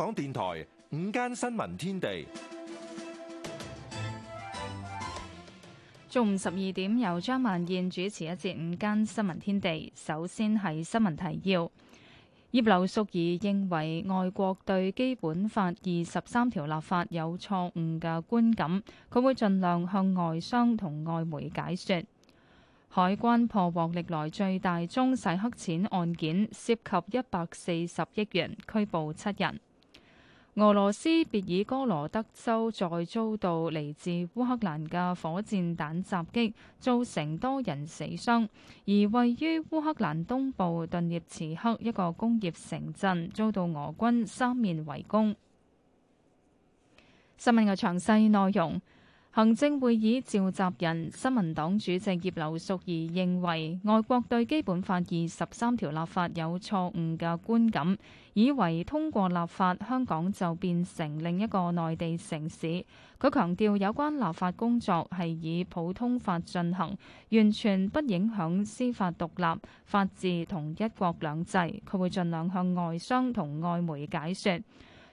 香港電台午間新聞天地，中午十二點由張曼燕主持一節午間新聞天地。首先係新聞提要。葉劉淑儀認為外國對《基本法》二十三條立法有錯誤嘅觀感，佢會盡量向外商同外媒解說。海關破獲歷來最大宗洗黑錢案件，涉及一百四十億元，拘捕七人。俄羅斯別爾哥羅德州再遭到嚟自烏克蘭嘅火箭彈襲擊，造成多人死傷。而位於烏克蘭東部頓涅茨克一個工業城鎮，遭到俄軍三面圍攻。新聞嘅詳細內容。行政會議召集人、新民黨主席葉劉淑儀認為，外國對《基本法》二十三條立法有錯誤嘅觀感，以為通過立法香港就變成另一個內地城市。佢強調，有關立法工作係以普通法進行，完全不影響司法獨立、法治同一國兩制。佢會盡量向外商同外媒解說。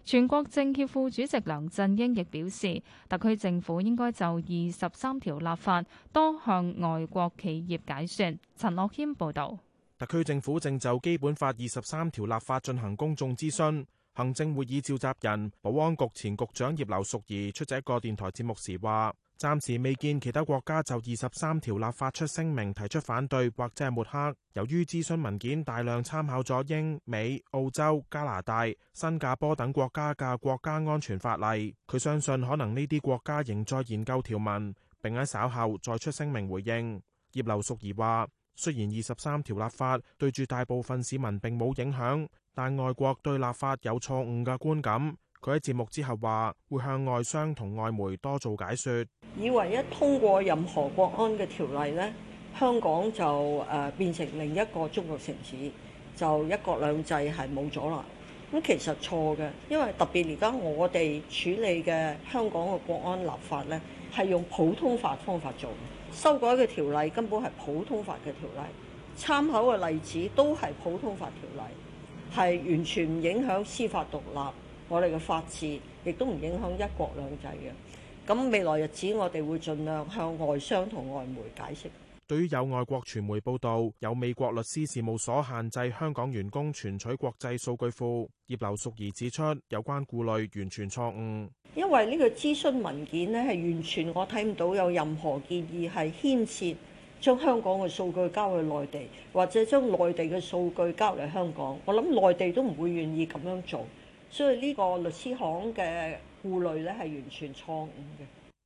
全國政協副主席梁振英亦表示，特區政府應該就二十三條立法多向外國企業解說。陳樂謙報導，特區政府正就基本法二十三條立法進行公眾諮詢。行政會議召集人、保安局前局長葉劉淑儀出席一個電台節目時話，暫時未見其他國家就二十三條立法出聲明提出反對或者係抹黑。由於諮詢文件大量參考咗英美、澳洲、加拿大、新加坡等國家嘅國家安全法例，佢相信可能呢啲國家仍在研究條文，並喺稍後再出聲明回應。葉劉淑儀話，雖然二十三條立法對住大部分市民並冇影響，但外國對立法有錯誤嘅觀感。佢喺節目之後話：會向外商同外媒多做解説。以為一通過任何國安嘅條例呢，香港就誒變成另一個中國城市，就一國兩制係冇咗啦。咁其實錯嘅，因為特別而家我哋處理嘅香港嘅國安立法呢，係用普通法方法做修改嘅條例，根本係普通法嘅條例，參考嘅例子都係普通法條例，係完全唔影響司法獨立。我哋嘅法治亦都唔影響一國兩制嘅。咁未來日子我哋會盡量向外商同外媒解釋。對於有外國傳媒報道，有美國律師事務所限制香港員工存取國際數據庫，葉劉淑儀指出，有關顧慮完全錯誤，因為呢個諮詢文件咧係完全我睇唔到有任何建議係牽涉將香港嘅數據交去內地，或者將內地嘅數據交嚟香港。我諗內地都唔會願意咁樣做。所以呢個律師行嘅顧慮咧係完全錯誤嘅。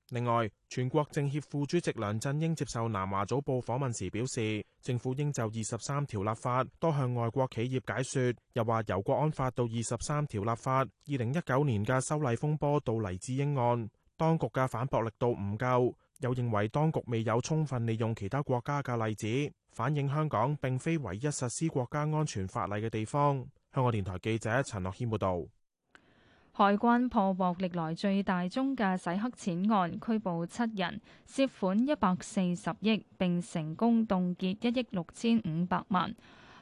另外，全國政協副主席梁振英接受南華早報訪問時表示，政府應就二十三條立法多向外國企業解說，又話由國安法到二十三條立法，二零一九年嘅修例風波到黎智英案，當局嘅反駁力度唔夠，又認為當局未有充分利用其他國家嘅例子，反映香港並非唯一實施國家安全法例嘅地方。香港電台記者陳樂謙報道：海關破獲歷來最大宗嘅洗黑錢案，拘捕七人，涉款一百四十億，並成功凍結一億六千五百萬。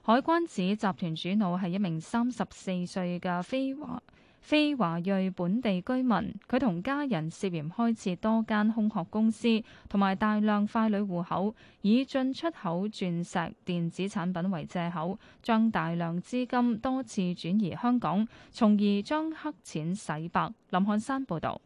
海關指集團主腦係一名三十四歲嘅菲華。非華裔本地居民，佢同家人涉嫌開設多間空殼公司，同埋大量快女戶口，以進出口鑽石、電子產品為藉口，將大量資金多次轉移香港，從而將黑錢洗白。林漢山報導。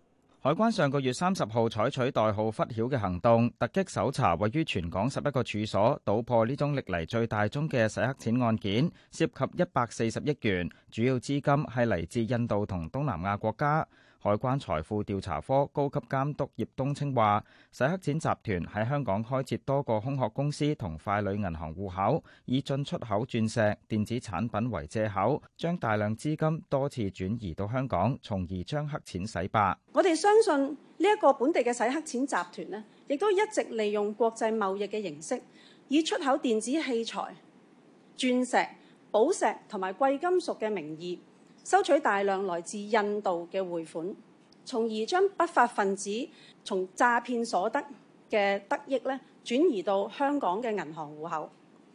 海關上個月三十號採取代號忽曉嘅行動，突擊搜查位於全港十一個處所，搗破呢宗歷嚟最大宗嘅洗黑錢案件，涉及一百四十億元，主要資金係嚟自印度同東南亞國家。海關財富調查科高級監督葉東青話：洗黑錢集團喺香港開設多個空殼公司同快旅銀行戶口，以進出口鑽石、電子產品為借口，將大量資金多次轉移到香港，從而將黑錢洗白。我哋相信呢一個本地嘅洗黑錢集團呢，亦都一直利用國際貿易嘅形式，以出口電子器材、鑽石、寶石同埋貴金屬嘅名義，收取大量來自印度嘅匯款，從而將不法分子從詐騙所得嘅得益呢，轉移到香港嘅銀行戶口，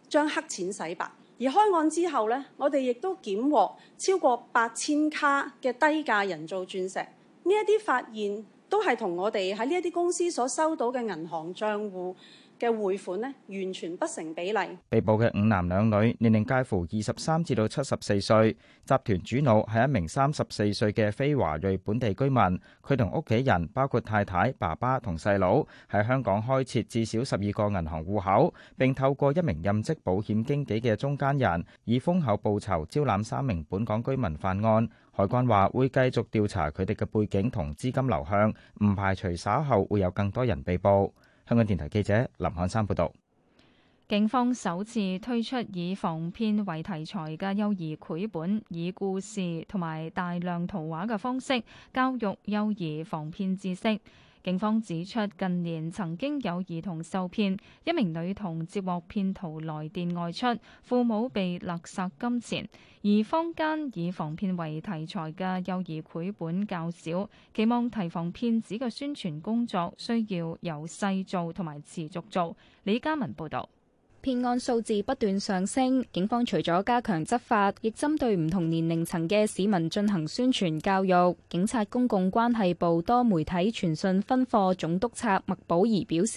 將黑錢洗白。而開案之後呢，我哋亦都檢獲超過八千卡嘅低價人造鑽石。呢一啲發現都係同我哋喺呢一啲公司所收到嘅銀行帳戶。嘅匯款呢，完全不成比例。被捕嘅五男兩女，年齡介乎二十三至到七十四歲。集團主腦係一名三十四歲嘅非華裔本地居民，佢同屋企人包括太太、爸爸同細佬，喺香港開設至少十二個銀行戶口，並透過一名任職保險經紀嘅中間人，以豐厚報酬招攬三名本港居民犯案。海關話會繼續調查佢哋嘅背景同資金流向，唔排除稍後會有更多人被捕。香港電台記者林漢山報道，警方首次推出以防騙為題材嘅幼兒繪本，以故事同埋大量圖畫嘅方式，教育幼兒防騙知識。警方指出，近年曾經有兒童受騙，一名女童接獲騙徒來電外出，父母被勒索金錢。而坊間以防騙為題材嘅幼兒繪本較少，期望提防騙子嘅宣傳工作需要由細做同埋持續做。李嘉文報道。騙案數字不斷上升，警方除咗加強執法，亦針對唔同年齡層嘅市民進行宣傳教育。警察公共關係部多媒體傳訊分科總督察麥寶儀表示，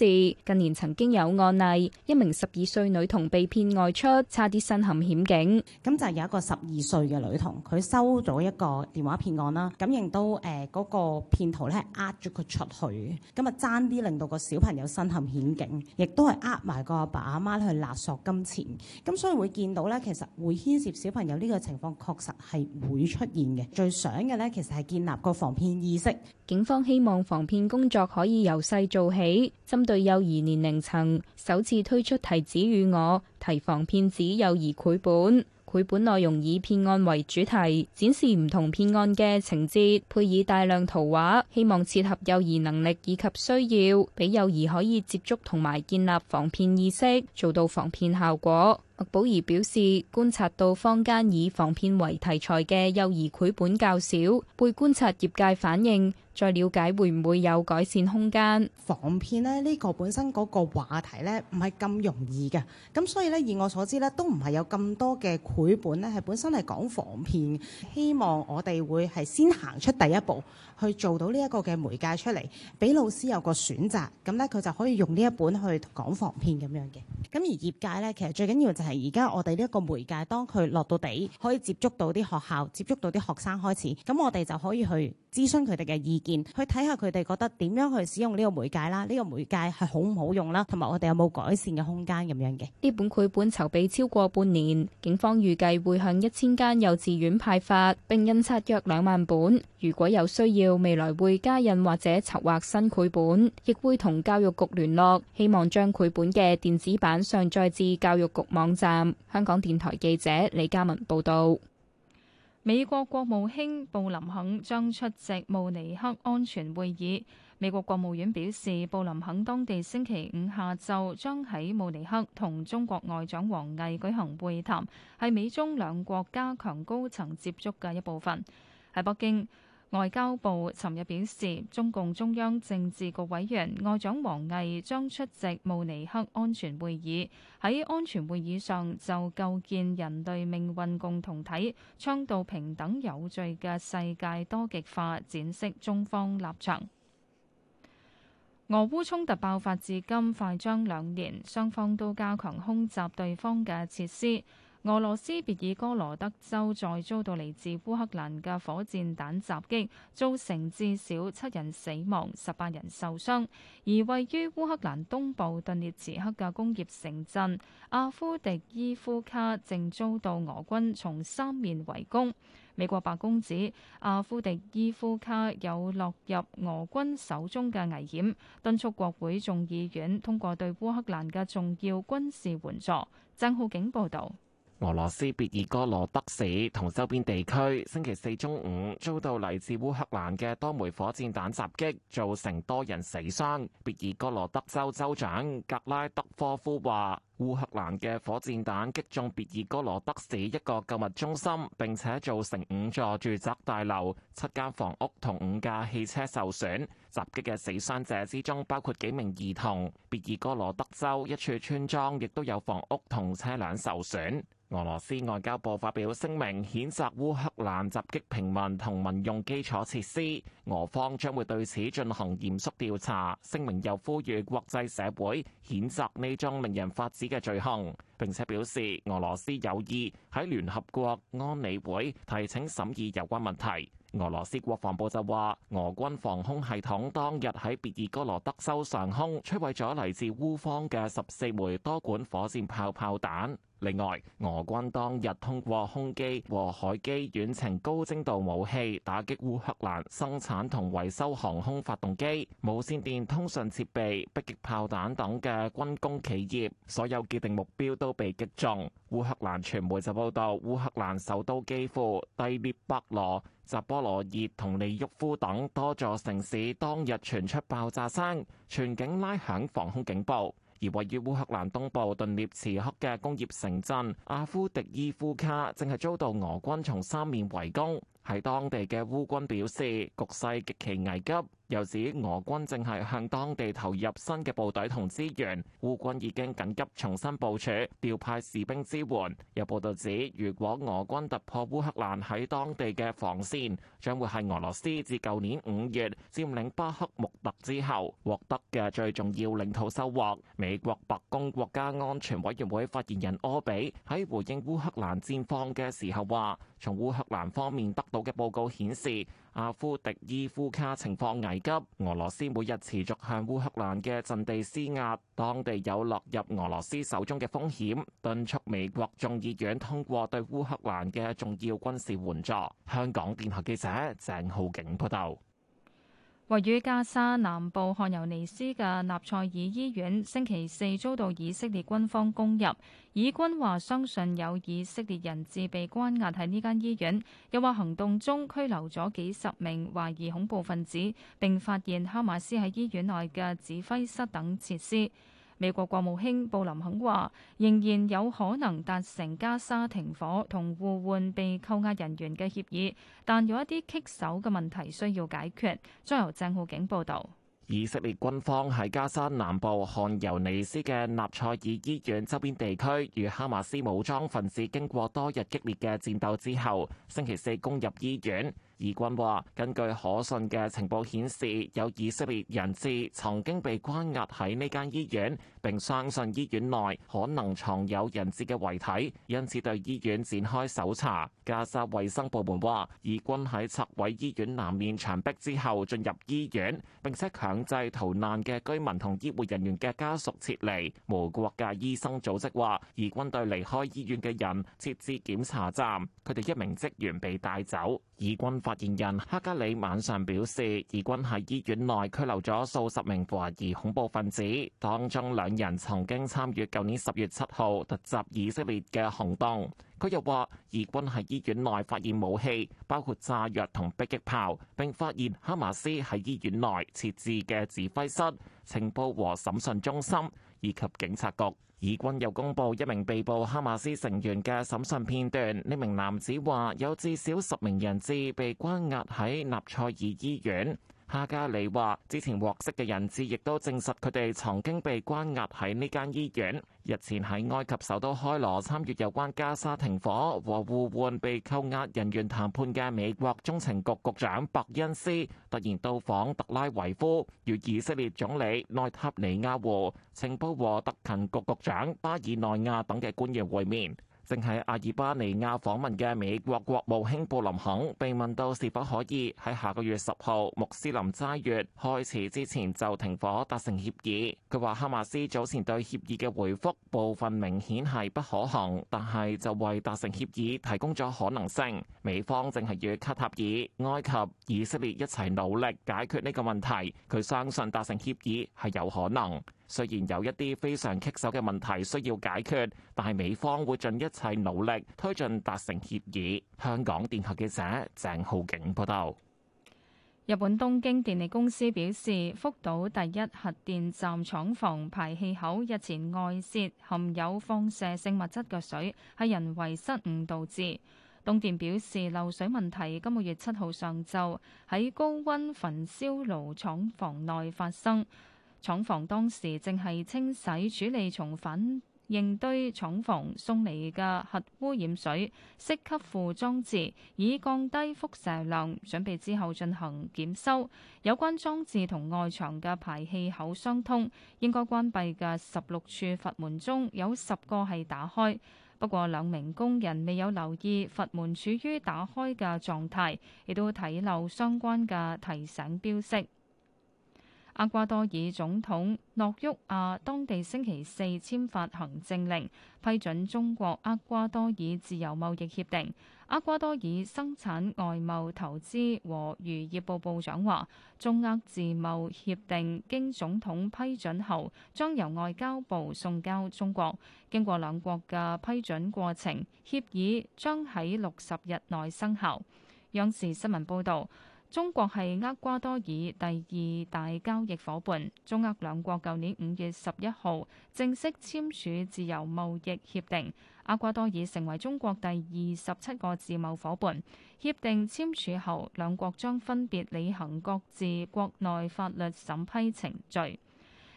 近年曾經有案例，一名十二歲女童被騙外出，差啲身陷險境。咁就有一個十二歲嘅女童，佢收咗一個電話騙案啦。咁認到誒嗰個騙徒咧，呃咗佢，那個，出去，咁啊爭啲令到個小朋友身陷險境，亦都係呃埋個阿爸阿媽去。勒索金錢，咁所以會見到咧，其實會牽涉小朋友呢個情況，確實係會出現嘅。最想嘅呢，其實係建立個防騙意識。警方希望防騙工作可以由細做起，針對幼兒年齡層，首次推出《提子與我》提防騙子幼兒繪本。繪本內容以騙案為主題，展示唔同騙案嘅情節，配以大量圖畫，希望切合幼兒能力以及需要，俾幼兒可以接觸同埋建立防騙意識，做到防騙效果。寶儀表示，觀察到坊間以防騙為題材嘅幼兒繪本較少，會觀察業界反應，再了解會唔會有改善空間。防騙咧，呢個本身嗰個話題咧唔係咁容易嘅，咁所以咧，以我所知咧，都唔係有咁多嘅繪本咧，係本身係講防騙。希望我哋會係先行出第一步，去做到呢一個嘅媒介出嚟，俾老師有個選擇，咁咧佢就可以用呢一本去講防騙咁樣嘅。咁而業界咧，其實最緊要就係。而家我哋呢一個媒介，當佢落到底可以接觸到啲學校，接觸到啲學生開始，咁我哋就可以去諮詢佢哋嘅意見，去睇下佢哋覺得點樣去使用呢個媒介啦。呢個媒介係好唔好用啦，同埋我哋有冇改善嘅空間咁樣嘅。呢本繪本籌備超過半年，警方預計會向一千間幼稚園派發並印刷約兩萬本。如果有需要，未來會加印或者籌劃新繪本，亦會同教育局聯絡，希望將繪本嘅電子版上載至教育局網。站香港電台記者李嘉文報道，美國國務卿布林肯將出席慕尼黑安全會議。美國國務院表示，布林肯當地星期五下晝將喺慕尼黑同中國外長王毅舉行會談，係美中兩國加強高層接觸嘅一部分。喺北京。外交部尋日表示，中共中央政治局委員外長王毅將出席慕尼黑安全會議。喺安全會議上，就構建人類命運共同體，倡導平等有序嘅世界多極化，展示中方立場。俄烏衝突爆發至今快將兩年，雙方都加強空襲對方嘅設施。俄羅斯別爾哥羅德州再遭到來自烏克蘭嘅火箭彈襲擊，造成至少七人死亡、十八人受傷。而位於烏克蘭東部頓涅茨克嘅工業城鎮阿夫迪伊夫卡正遭到俄軍從三面圍攻。美國白宮指阿夫迪伊夫卡有落入俄軍手中嘅危險，敦促國會眾議院通過對烏克蘭嘅重要軍事援助。鄭浩景報導。俄羅斯別爾哥羅德市同周邊地區星期四中午遭到嚟自烏克蘭嘅多枚火箭彈襲擊，造成多人死傷。別爾哥羅德州州長格拉德科夫話。烏克蘭嘅火箭彈擊中別爾哥羅德市一個購物中心，並且造成五座住宅大樓、七間房屋同五架汽車受損。襲擊嘅死傷者之中包括幾名兒童。別爾哥羅德州一處村莊亦都有房屋同車輛受損。俄羅斯外交部發表聲明譴責烏克蘭襲擊平民同民用基礎設施，俄方將會對此進行嚴肅調查。聲明又呼籲國際社會譴責呢種令人發。嘅罪行，並且表示俄羅斯有意喺聯合國安理會提請審議有關問題。俄羅斯國防部就話，俄軍防空系統當日喺別爾哥羅德州上空摧毀咗嚟自烏方嘅十四枚多管火箭炮炮彈。另外，俄軍當日通過空機和海基遠程高精度武器，打擊烏克蘭生產同維修航空發動機、無線電通訊設備、迫擊炮彈等嘅軍工企業，所有既定目標都被擊中。烏克蘭傳媒就報道，烏克蘭首都基輔、第涅伯羅、扎波羅熱同利沃夫等多座城市當日傳出爆炸聲，全境拉響防空警報。而位於烏克蘭東部頓涅茨克嘅工業城鎮阿夫迪伊夫卡正係遭到俄軍從三面圍攻，喺當地嘅烏軍表示，局勢極其危急。又指俄軍正係向當地投入新嘅部隊同資源，烏軍已經緊急重新部署，調派士兵支援。有報導指，如果俄軍突破烏克蘭喺當地嘅防線，將會係俄羅斯自舊年五月佔領巴克穆特之後獲得嘅最重要領土收穫。美國白宮國家安全委員會發言人柯比喺回應烏克蘭戰況嘅時候話，從烏克蘭方面得到嘅報告顯示，阿夫迪伊夫卡情況危。急！俄羅斯每日持續向烏克蘭嘅陣地施壓，當地有落入俄羅斯手中嘅風險。敦促美國眾議院通過對烏克蘭嘅重要軍事援助。香港電台記者鄭浩景報道。位於加沙南部漢尤尼斯嘅納賽爾醫院，星期四遭到以色列軍方攻入。以軍話相信有以色列人質被關押喺呢間醫院，又話行動中拘留咗幾十名懷疑恐怖分子，並發現哈馬斯喺醫院內嘅指揮室等設施。美國國務卿布林肯話，仍然有可能達成加沙停火同互換被扣押人員嘅協議，但有一啲棘手嘅問題需要解決。將由鄭浩景報道。以色列軍方喺加沙南部汗尤尼斯嘅納賽爾醫院周邊地區，與哈馬斯武裝分子經過多日激烈嘅戰鬥之後，星期四攻入醫院。以軍話，根據可信嘅情報顯示，有以色列人質曾經被關押喺呢間醫院。並相信醫院內可能藏有人質嘅遺體，因此對醫院展開搜查。加沙衛生部門話，以軍喺拆毀醫院南面牆壁之後進入醫院，並且強制逃難嘅居民同醫護人員嘅家屬撤離。無國界醫生組織話，以軍對離開醫院嘅人設置檢查站，佢哋一名職員被帶走。以軍發言人哈加里晚上表示，以軍喺醫院內拘留咗數十名懷疑恐怖分子，當中兩人曾經參與舊年十月七號突襲以色列嘅行動，佢又話，以軍喺醫院內發現武器，包括炸藥同迫擊炮，並發現哈馬斯喺醫院內設置嘅指揮室、情報和審訊中心以及警察局。以軍又公布一名被捕哈馬斯成員嘅審訊片段。呢名男子話有至少十名人質被關押喺納賽爾醫院。哈加里話：之前獲釋嘅人質亦都證實佢哋曾經被關押喺呢間醫院。日前喺埃及首都開羅參與有關加沙停火和互換被扣押人員談判嘅美國中情局局長伯恩斯突然到訪特拉維夫，與以色列總理內塔尼亞胡、情報和特勤局局長巴爾內亞等嘅官員會面。正喺阿爾巴尼亞訪問嘅美國國務卿布林肯被問到是否可以喺下個月十號穆斯林齋月開始之前就停火達成協議，佢話哈馬斯早前對協議嘅回覆部分明顯係不可行，但係就為達成協議提供咗可能性。美方正係與卡塔爾、埃及、以色列一齊努力解決呢個問題，佢相信達成協議係有可能。雖然有一啲非常棘手嘅問題需要解決，但係美方會盡一切努力推進達成協議。香港電台記者鄭浩景報道。日本東京電力公司表示，福島第一核電站廠房排氣口日前外泄含有放射性物質嘅水係人為失誤導致。東電表示，漏水問題今個月七號上晝喺高溫焚燒爐廠房內發生。廠房當時正係清洗處理從反應堆廠房送嚟嘅核污染水，吸附裝置以降低輻射量，準備之後進行檢修。有關裝置同外牆嘅排氣口相通，應該關閉嘅十六處閥門中有十個係打開，不過兩名工人未有留意閥門處於打開嘅狀態，亦都睇漏相關嘅提醒標識。厄瓜多爾總統諾沃亞當地星期四簽發行政令，批准中國厄瓜多爾自由貿易協定。厄瓜多爾生產外貿投資和漁業部部長話，中厄自貿協定經總統批准後，將由外交部送交中國，經過兩國嘅批准過程，協議將喺六十日內生效。央視新聞報道。中國係厄瓜多爾第二大交易伙伴，中厄兩國舊年五月十一號正式簽署自由貿易協定，厄瓜多爾成為中國第二十七個自貿夥伴。協定簽署後，兩國將分別履行各自國內法律審批程序。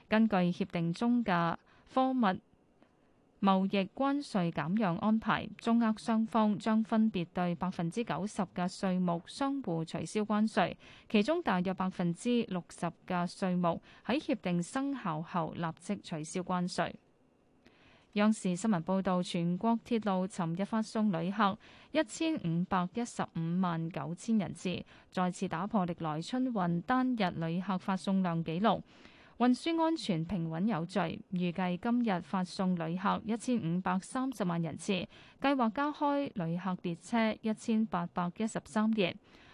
根據協定中嘅貨物貿易關稅減讓安排，中俄雙方將分別對百分之九十嘅稅目相互取消關稅，其中大約百分之六十嘅稅目喺協定生效後立即取消關稅。央視新聞報道，全國鐵路昨日發送旅客一千五百一十五萬九千人次，再次打破歷來春運單日旅客發送量紀錄。運輸安全平穩有序，預計今日發送旅客一千五百三十萬人次，計劃加開旅客列車一千八百一十三列。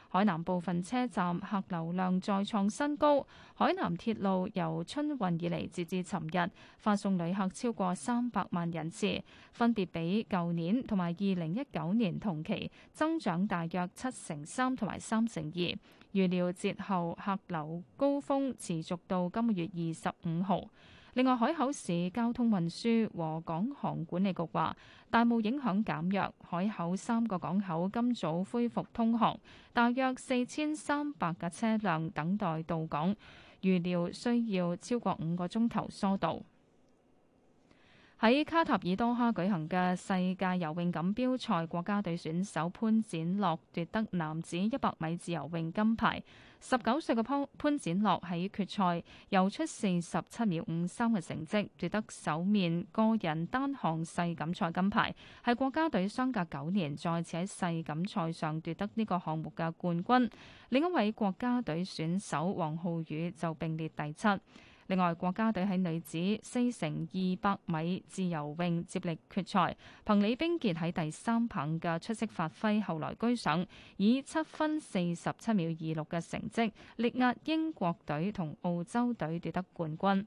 海南部分車站客流量再創新高，海南鐵路由春運以嚟，截至尋日發送旅客超過三百萬人次，分別比舊年同埋二零一九年同期增長大約七成三同埋三成二。預料節後客流高峰持續到今個月二十五號。另外，海口市交通運輸和港航管理局話，大霧影響減弱，海口三個港口今早恢復通航，大約四千三百架車輛等待到港，預料需要超過五個鐘頭疏導。喺卡塔爾多哈舉行嘅世界游泳錦標賽，國家隊選手潘展樂奪得男子一百米自由泳金牌。十九歲嘅潘展樂喺決賽游出四十七秒五三嘅成績，奪得首面個人單項世錦賽金牌，係國家隊相隔九年再次喺世錦賽上奪得呢個項目嘅冠軍。另一位國家隊選手王浩宇就並列第七。另外，國家隊喺女子四乘二百米自由泳接力決賽，憑李冰潔喺第三棒嘅出色發揮，後來居上，以七分四十七秒二六嘅成績力壓英國隊同澳洲隊奪得冠軍。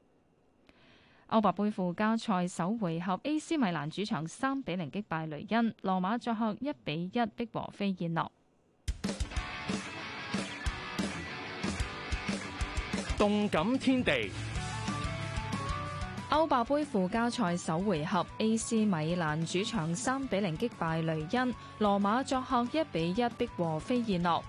歐霸盃附加賽首回合，AC 米蘭主場三比零擊敗雷恩，羅馬作客一比一逼和飛燕諾。動感天地。歐霸盃附加賽首回合，AC 米蘭主場三比零擊敗雷恩，羅馬作客一比一逼和飛燕諾。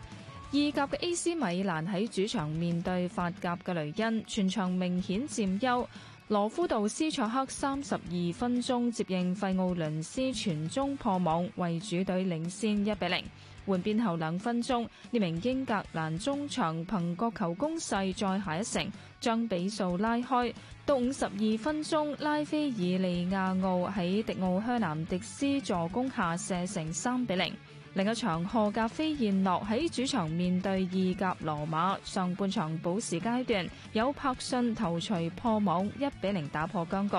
意甲嘅 AC 米蘭喺主場面對法甲嘅雷恩，全場明顯佔優。羅夫道斯作克三十二分鐘接應費奧倫斯傳中破網，為主隊領先一比零。換邊後兩分鐘，呢名英格蘭中場憑角球攻勢再下一城，將比數拉開。到五十二分鐘，拉斐爾利亞奧喺迪奧香南迪斯助攻下射成三比零。另一場荷甲飛燕諾喺主場面對意甲羅馬，上半場補時階段有柏信頭槌破網，一比零打破僵局。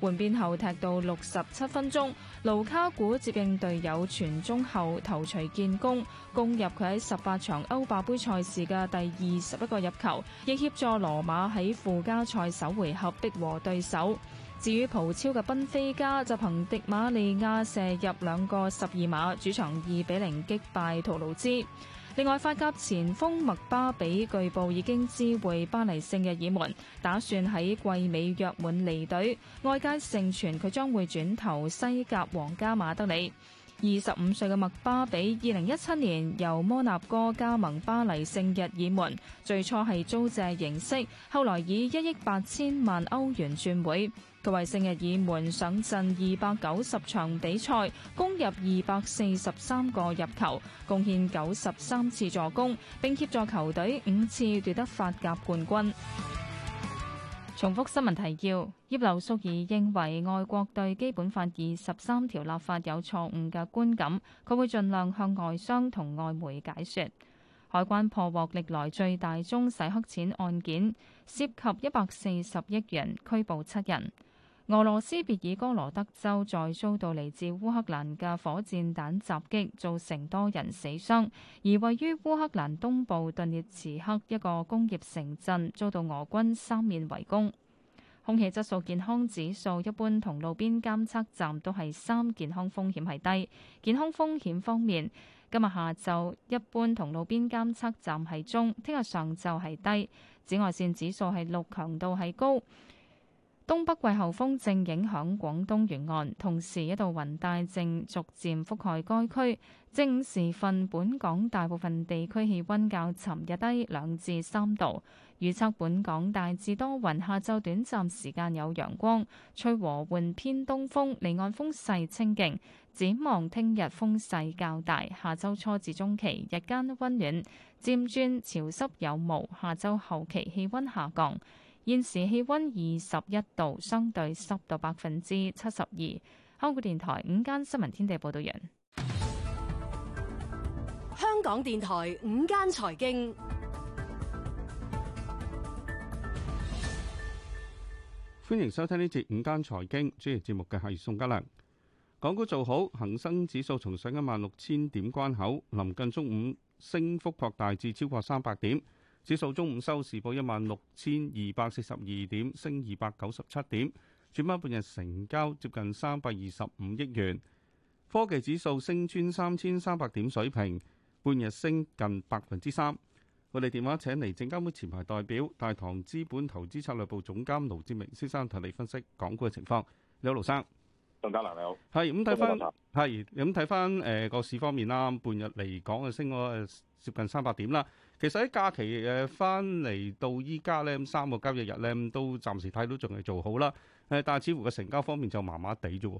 換邊後踢到六十七分鐘，盧卡古接應隊友傳中後頭槌建功，攻入佢喺十八場歐霸杯賽事嘅第二十一個入球，亦協助羅馬喺附加賽首回合逼和對手。至於葡超嘅賓菲加就憑迪馬利亞射入兩個十二碼，主場二比零擊敗圖盧茲。另外，法甲前鋒麥巴比據報已經知會巴黎聖日耳門，打算喺季尾約滿離隊。外界盛傳佢將會轉投西甲皇家馬德里。二十五歲嘅麥巴比，二零一七年由摩納哥加盟巴黎聖日耳門，最初係租借形式，後來以一億八千萬歐元轉會。佢為聖日耳門上陣二百九十場比賽，攻入二百四十三個入球，貢獻九十三次助攻，並協助球隊五次奪得法甲冠軍。重複新聞提要：葉劉淑儀認為外國對基本法二十三條立法有錯誤嘅觀感，佢會盡量向外商同外媒解説。海關破獲歷來最大宗洗黑錢案件，涉及一百四十億元，拘捕七人。俄羅斯別爾哥羅德州再遭到嚟自烏克蘭嘅火箭彈襲擊，造成多人死傷；而位於烏克蘭東部頓涅茨克一個工業城鎮遭到俄軍三面圍攻。空氣質素健康指數一般同路邊監測站都係三，健康風險係低。健康風險方面，今日下晝一般同路邊監測站係中，聽日上晝係低。紫外綫指數係六，強度係高。東北季候風正影響廣東沿岸，同時一道雲帶正逐漸覆蓋該區。正午時分，本港大部分地區氣温較尋日低兩至三度。預測本港大致多雲，下晝短暫時間有陽光，吹和緩偏東風，離岸風勢清勁。展望聽日風勢較大，下週初至中期日間温暖，漸轉潮濕有霧。下週後期氣温下降。現時氣温二十一度，相對濕度百分之七十二。香港電台午間新聞天地報道員，香港電台午間財經，歡迎收聽呢節午間財經，主持節目嘅係宋家良。港股做好，恒生指數重上一萬六千點關口，臨近中午升幅擴大至超過三百點。指數中午收市報一萬六千二百四十二點，升二百九十七點。主板半日成交接近三百二十五億元。科技指數升穿三千三百點水平，半日升近百分之三。我哋電話請嚟證監會前排代表、大唐資本投資策略部總監盧志明先生，同你分析港股嘅情況。你好，盧生。梁家林你好，係咁睇翻，係咁睇翻，誒，個市方面啦，半日嚟講啊，升咗接近三百點啦。其實喺假期誒，翻嚟到依家咧，咁三個交易日咧，都暫時睇到仲係做好啦。誒，但係似乎個成交方面就麻麻地啫。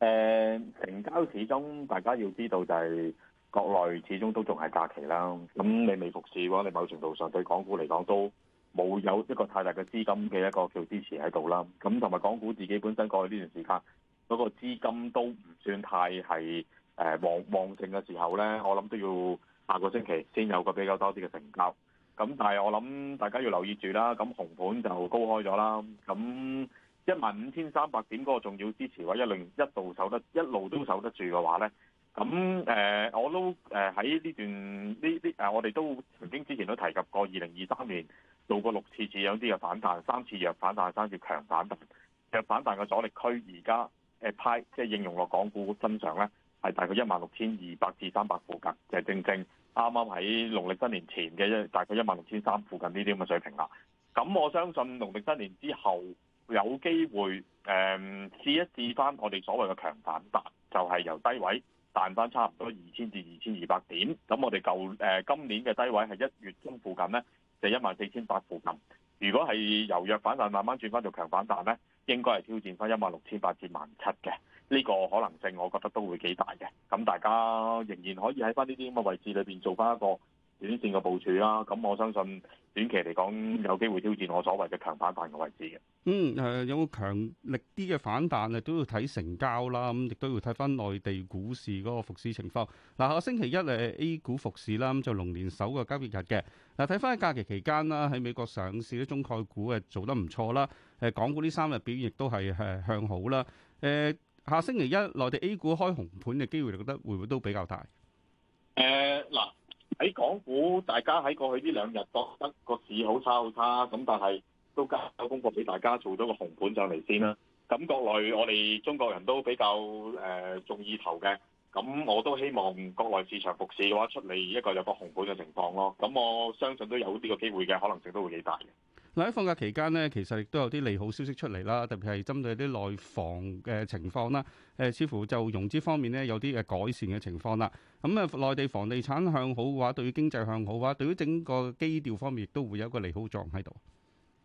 誒，成交始終大家要知道就係國內始終都仲係假期啦。咁你未復市嘅話，你某程度上對港股嚟講都冇有一個太大嘅資金嘅一個叫支持喺度啦。咁同埋港股自己本身過去呢段時間。嗰個資金都唔算太係誒、呃、旺旺盛嘅時候咧，我諗都要下個星期先有個比較多啲嘅成交。咁但係我諗大家要留意住啦。咁紅盤就高開咗啦。咁一萬五千三百點嗰個重要支持位一路一度守得，一路都守得住嘅話咧，咁誒、呃、我都誒喺呢段呢呢誒我哋都曾經之前都提及過二零二三年做過六次似樣啲嘅反彈，三次弱反彈，三次強反彈，弱反彈嘅阻力區而家。誒派即係應用落港股身上咧，係大概一萬六千二百至三百附近，就係、正正啱啱喺農曆新年前嘅一大概一萬六千三附近呢啲咁嘅水平啦。咁我相信農曆新年之後有機會誒、嗯、試一試翻我哋所謂嘅強反彈，就係、係、由低位彈翻差唔多二千至二千二百點。咁我哋舊誒今年嘅低位係一月中附近咧，就一萬四千八附近。如果係由弱反彈慢慢轉翻做強反彈咧。應該係挑戰翻一萬六千八至萬七嘅呢個可能性，我覺得都會幾大嘅。咁大家仍然可以喺翻呢啲咁嘅位置裏邊做翻一個。短線嘅部署啦，咁我相信短期嚟講有機會挑戰我所謂嘅強反彈嘅位置嘅。嗯，誒、呃、有冇強力啲嘅反彈誒都要睇成交啦，咁亦都要睇翻內地股市嗰個復市情況。嗱，下星期一誒 A 股復市啦，咁就龍年首個交易日嘅。嗱，睇翻喺假期期間啦，喺美國上市啲中概股誒做得唔錯啦。誒，港股呢三日表現亦都係誒向好啦。誒，下星期一內地 A 股開紅盤嘅機會，你覺得會唔會都比較大？誒嗱、呃。呃喺港股，大家喺過去呢兩日覺得個市好差好差，咁但係都交功課俾大家做到個紅盤上嚟先啦。咁國內我哋中國人都比較誒鍾、呃、意投嘅，咁我都希望國內市場復市嘅話出嚟一個有一個紅盤嘅情況咯。咁我相信都有呢個機會嘅，可能性都會幾大嘅。喺放假期間呢，其實亦都有啲利好消息出嚟啦，特別係針對啲內房嘅情況啦。誒、呃，似乎就融資方面呢，有啲誒改善嘅情況啦。咁、嗯、啊，內地房地產向好嘅話，對於經濟向好嘅話，對於整個基調方面亦都會有一個利好作用喺度。誒、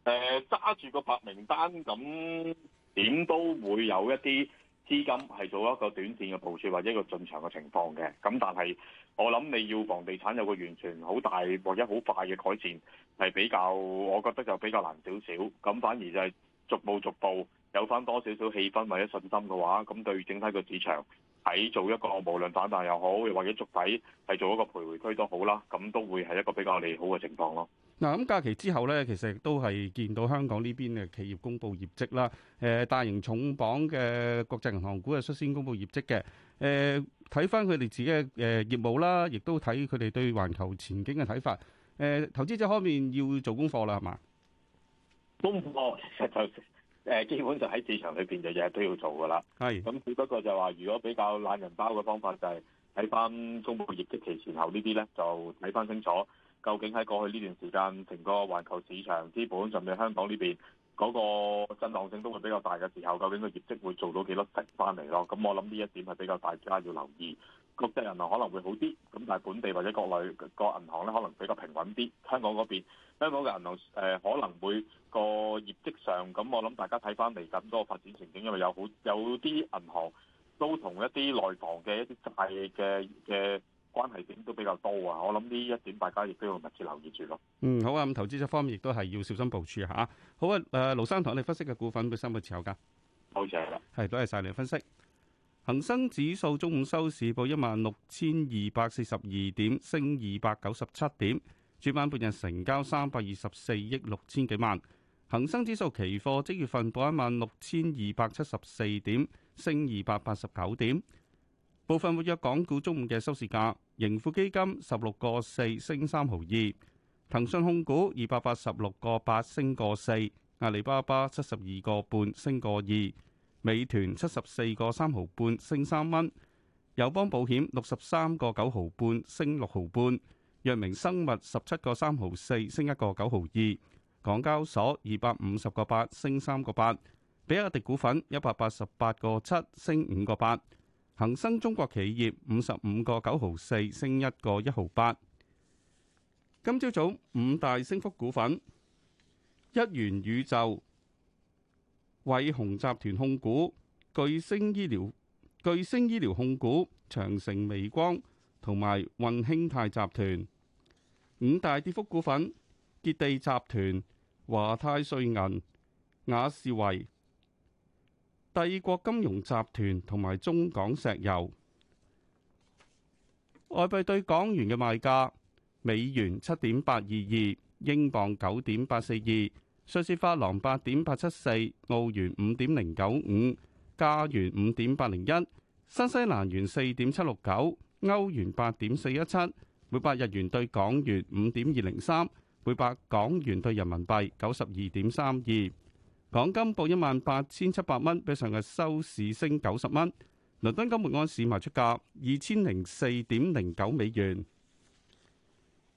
呃，揸住個白名單，咁點都會有一啲資金係做一個短線嘅部署或者一個進場嘅情況嘅。咁但係我諗你要房地產有個完全好大或者好快嘅改善，係比較，我覺得就比較難少少。咁反而就係逐步逐步有翻多少少氣氛或者信心嘅話，咁對於整體個市場喺做一個無論反彈又好，又或者築底係做一個徘徊區都好啦，咁都會係一個比較利好嘅情況咯。嗱，咁假期之後呢，其實亦都係見到香港呢邊嘅企業公布業績啦。誒、呃，大型重磅嘅國際銀行股係率先公布業績嘅。誒、呃，睇翻佢哋自己嘅誒業務啦，亦都睇佢哋對環球前景嘅睇法。誒、欸，投資者方面要做功課啦，係嘛？功課、嗯哦、其實就誒、呃，基本上喺市場裏邊就日日都要做噶啦。係是，咁只不過就話，如果比較懶人包嘅方法就係睇翻公布業績期前後呢啲咧，就睇翻清楚究竟喺過去呢段時間，成個環球市場資本、資本甚至香港呢邊嗰個震蕩性都會比較大嘅時候，究竟個業績會做到幾多息翻嚟咯？咁我諗呢一點係比較大家要留意。國際銀行可能會好啲，咁但係本地或者國內個銀行咧可能比較平穩啲。香港嗰邊，香港嘅銀行誒可能會個業績上，咁我諗大家睇翻嚟緊嗰個發展前景，因為有好有啲銀行都同一啲內房嘅一啲債嘅嘅關係點都比較多啊。我諗呢一點大家亦都要密切留意住咯。嗯，好啊，咁投資者方面亦都係要小心部署吓，啊。好啊，誒，盧生同你分析嘅股份會三個持有價，好就係啦，係多謝晒你分析。恒生指數中午收市報一萬六千二百四十二點，升二百九十七點。主板半日成交三百二十四億六千幾萬。恒生指數期貨即月份報一萬六千二百七十四點，升二百八十九點。部分活躍港股中午嘅收市價：盈富基金十六個四升三毫二，騰訊控股二百八十六個八升個四，阿里巴巴七十二個半升個二。美團七十四個三毫半升三蚊，友邦保險六十三個九毫半升六毫半，藥明生物十七個三毫四升一個九毫二，港交所二百五十個八升三個八，比亞迪股份一百八十八個七升五個八，恒生中國企業五十五個九毫四升一個一毫八，今朝早五大升幅股份，一元宇宙。偉宏集團控股、巨星醫療、巨星醫療控股、長城微光同埋運興泰集團。五大跌幅股份，杰地集團、華泰瑞銀、雅士維、帝國金融集團同埋中港石油。外幣對港元嘅賣價：美元七點八二二，英鎊九點八四二。瑞士法郎八點八七四，澳元五點零九五，加元五點八零一，新西蘭元四點七六九，歐元八點四一七，每百日元對港元五點二零三，每百港元對人民幣九十二點三二。港金報一萬八千七百蚊，比上日收市升九十蚊。倫敦金每盎司賣出價二千零四點零九美元。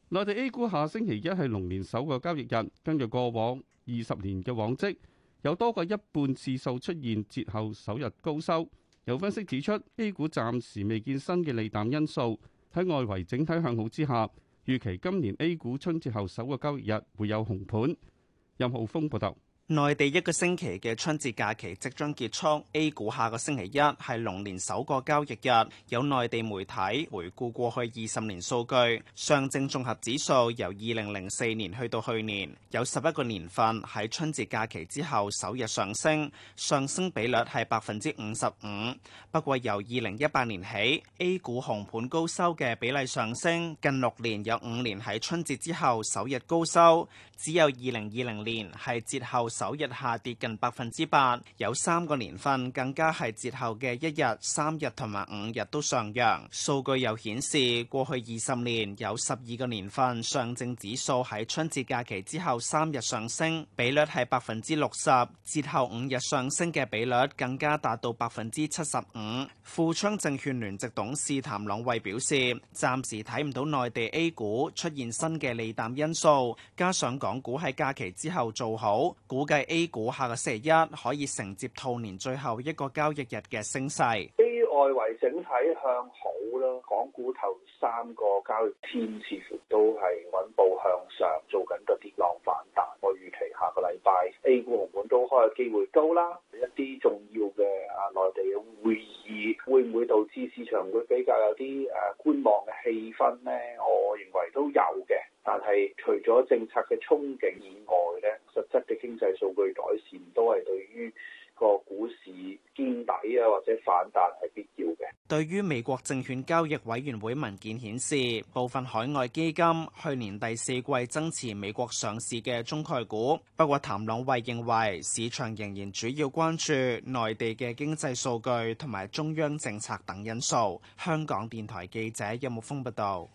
內地 A 股下星期一係龍年首個交易日，跟住過往，二十年嘅往績，有多過一半次數出現節後首日高收。有分析指出，A 股暫時未見新嘅利淡因素，喺外圍整體向好之下，預期今年 A 股春節後首個交易日會有紅盤。任浩峰報道。內地一個星期嘅春節假期即將結束，A 股下個星期一係龍年首個交易日。有內地媒體回顧過去二十年數據，上證綜合指數由二零零四年去到去年，有十一個年份喺春節假期之後首日上升，上升比率係百分之五十五。不過由二零一八年起，A 股紅盤高收嘅比例上升，近六年有五年喺春節之後首日高收，只有二零二零年係節後。首日下跌近百分之八，有三個年份更加係節後嘅一日、三日同埋五日都上揚。數據又顯示，過去二十年有十二個年份上證指數喺春節假期之後三日上升，比率係百分之六十；節後五日上升嘅比率更加達到百分之七十五。富昌證券聯席董事譚朗慧表示：暫時睇唔到內地 A 股出現新嘅利淡因素，加上港股喺假期之後做好股。計 A 股下個星期一可以承接兔年最後一個交易日嘅升勢，A 外圍整體向好啦，港股頭三個交易天似乎都係穩步向上，做緊個跌浪反彈。我預期下個禮拜 A 股紅盤都開嘅機會高啦。一啲重要嘅啊內地嘅會議會唔會導致市場會比較有啲誒觀望嘅氣氛呢？我認為都有嘅。但係除咗政策嘅憧憬以外咧，實質嘅經濟數據改善都係對於個股市堅底啊，或者反彈係必要嘅。對於美國證券交易委員會文件顯示，部分海外基金去年第四季增持美國上市嘅中概股。不過譚朗慧認為市場仍然主要關注內地嘅經濟數據同埋中央政策等因素。香港電台記者任木峰報道。